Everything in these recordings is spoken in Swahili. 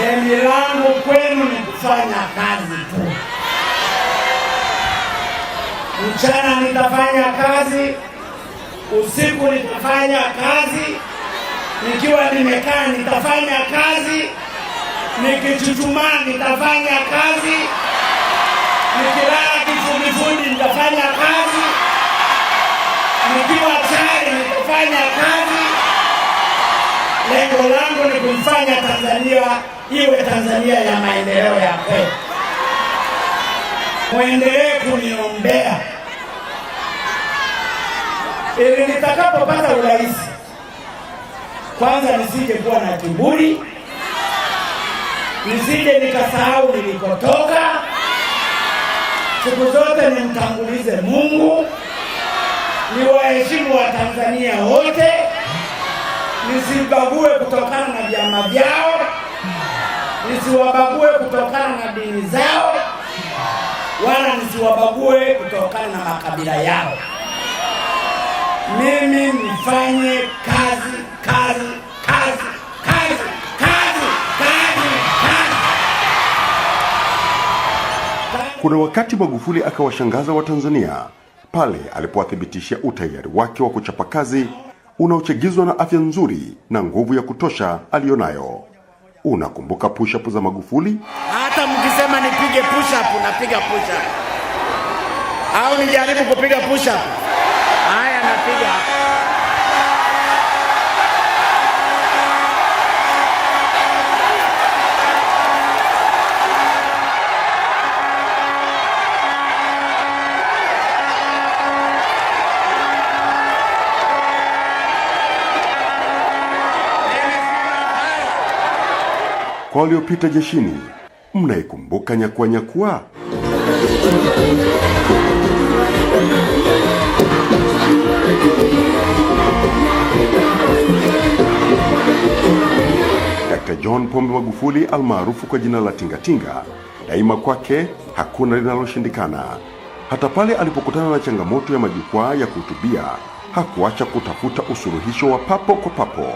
deni langu kwenu ni kufanya kazi tu. Mchana nitafanya kazi, usiku nitafanya kazi, nikiwa nimekaa nitafanya kazi, nikichuchumaa nitafanya kazi, nikilala kifudifudi nitafanya kazi, nikiwa chai nitafanya kazi Lengo langu ni kumfanya Tanzania iwe Tanzania ya maendeleo ya kweli. Mwendelee kuniombea ili nitakapopata urais, kwanza nisije kuwa na kiburi, nisije nikasahau nilikotoka. Siku zote nimtangulize Mungu, niwaheshimu Watanzania wote nisibague kutokana na vyama vyao, nisiwabague kutokana na dini zao, wala nisiwabague kutokana na makabila yao. Mimi nifanye kazi, kazi, kazi, kazi, kazi, kazi, kazi. Kuna wakati Magufuli akawashangaza Watanzania pale alipowathibitishia utayari wake wa kuchapa kazi unaochagizwa na afya nzuri na nguvu ya kutosha aliyonayo. Unakumbuka push up za Magufuli? Hata mkisema nipige push up, napiga push up, au nijaribu kupiga push up, haya napiga Kwa waliopita jeshini, mnaikumbuka nyakua nyakua? Dr. John Pombe Magufuli almaarufu kwa jina la Tingatinga, daima kwake hakuna linaloshindikana. Hata pale alipokutana na changamoto ya majukwaa ya kuhutubia, hakuacha kutafuta usuluhisho wa papo kwa papo.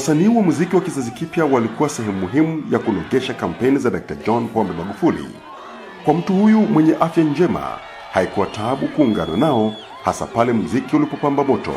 Wasanii wa muziki wa kizazi kipya walikuwa sehemu muhimu ya kunogesha kampeni za Dr. John Pombe Magufuli. Kwa mtu huyu mwenye afya njema, haikuwa taabu kuungana nao, hasa pale muziki ulipopamba moto.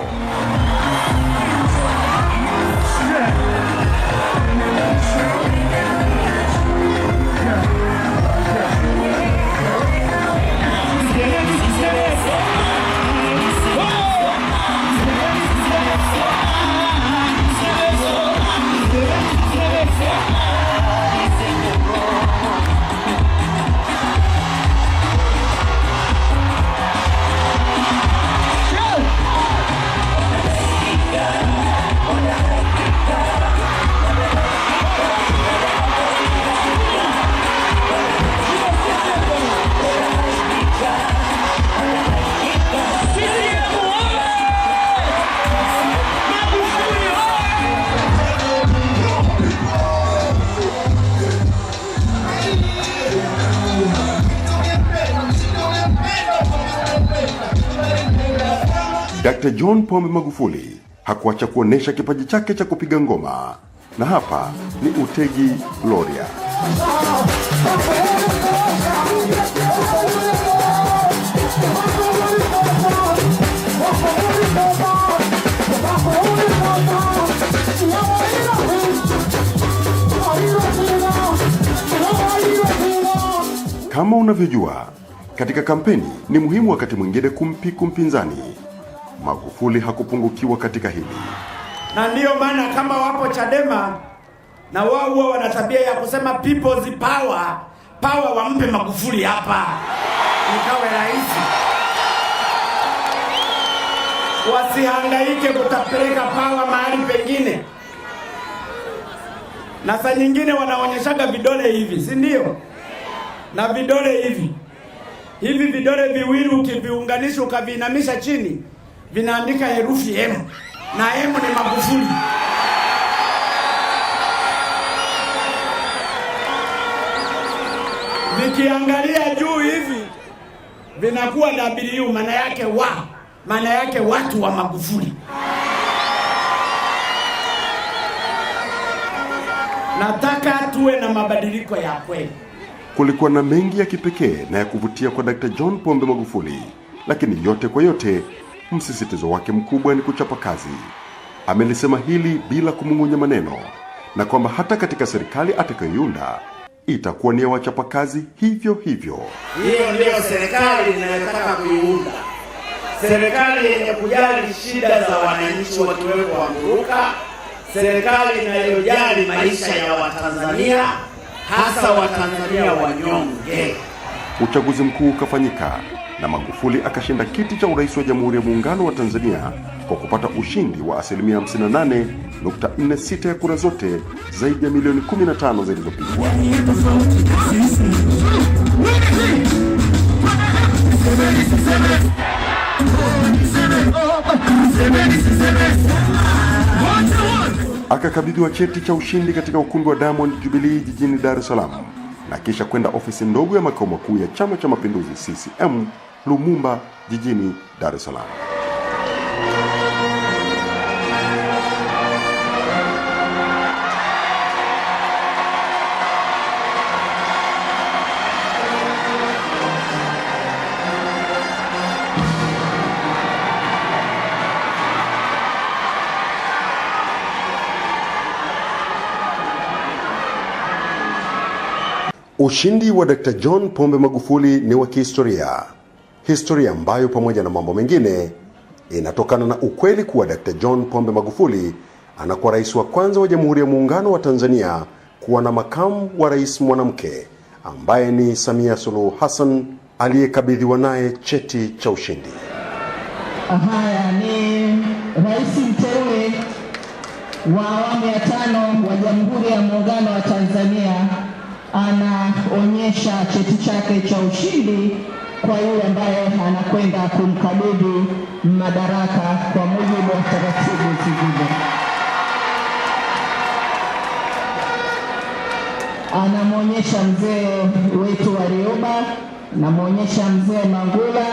Dr. John Pombe Magufuli hakuacha kuonesha kipaji chake cha kupiga ngoma, na hapa ni Utegi Gloria. Kama unavyojua katika kampeni ni muhimu wakati mwingine kumpiku mpinzani Magufuli hakupungukiwa katika hili, na ndiyo maana kama wapo Chadema na wao huwa wana tabia ya kusema people's power power, wampe Magufuli hapa nikawe rais, wasihangaike kutapeleka power mahali pengine. Na saa nyingine wanaonyeshaga vidole hivi, si ndio? Na vidole hivi hivi, vidole viwili ukiviunganisha ukaviinamisha chini vinaandika herufi M na M ni Magufuli. Vikiangalia juu hivi vinakuwa W, maana yake wa, maana yake watu wa Magufuli. Nataka tuwe na mabadiliko ya kweli. Kulikuwa na mengi ya kipekee na ya kuvutia kwa Dr. John Pombe Magufuli, lakini yote kwa yote msisitizo wake mkubwa ni kuchapa kazi. Amelisema hili bila kumung'unya maneno na kwamba hata katika serikali atakayoiunda itakuwa ni ya wachapakazi hivyo hivyo. Hiyo ndiyo serikali inayotaka kuiunda, serikali yenye kujali shida za wananchi wakiwepo wanguruka, serikali inayojali maisha ya Watanzania, hasa Watanzania wanyonge uchaguzi mkuu ukafanyika na Magufuli akashinda kiti cha urais wa Jamhuri ya Muungano wa Tanzania kwa kupata ushindi wa asilimia 58.46 ya kura zote, zaidi ya milioni 15 zilizopigwa. Akakabidhiwa cheti cha ushindi katika ukumbi wa Diamond Jubilee jijini Dar es Salaam na kisha kwenda ofisi ndogo ya makao makuu ya Chama cha Mapinduzi CCM Lumumba jijini Dar es Salaam. Ushindi wa Dr. John Pombe Magufuli ni wa kihistoria, historia ambayo pamoja na mambo mengine inatokana na ukweli kuwa Dr. John Pombe Magufuli anakuwa rais wa kwanza wa Jamhuri ya Muungano wa Tanzania kuwa na makamu wa rais mwanamke ambaye ni Samia Suluhu Hassan aliyekabidhiwa naye cheti cha ushindi. Haya ni rais mteule wa awamu ya tano wa Jamhuri ya Muungano wa Tanzania anaonyesha cheti chake cha ushindi kwa yule ambaye anakwenda kumkabidhi madaraka kwa mujibu wa taratibu zingine. Anamwonyesha mzee wetu wa Rioba, anamwonyesha mzee Mangula,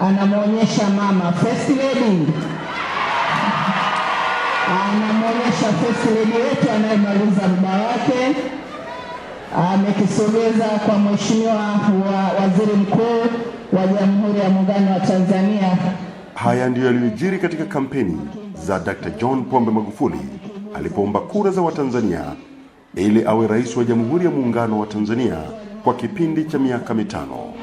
anamwonyesha mama first lady, anamwonyesha first lady yetu anaye amekisogeza kwa mheshimiwa wa waziri mkuu wa Jamhuri ya Muungano wa Tanzania. Haya ndiyo yaliyojiri katika kampeni za Dr. John Pombe Magufuli alipoomba kura za Watanzania ili awe rais wa Jamhuri ya Muungano wa Tanzania kwa kipindi cha miaka mitano.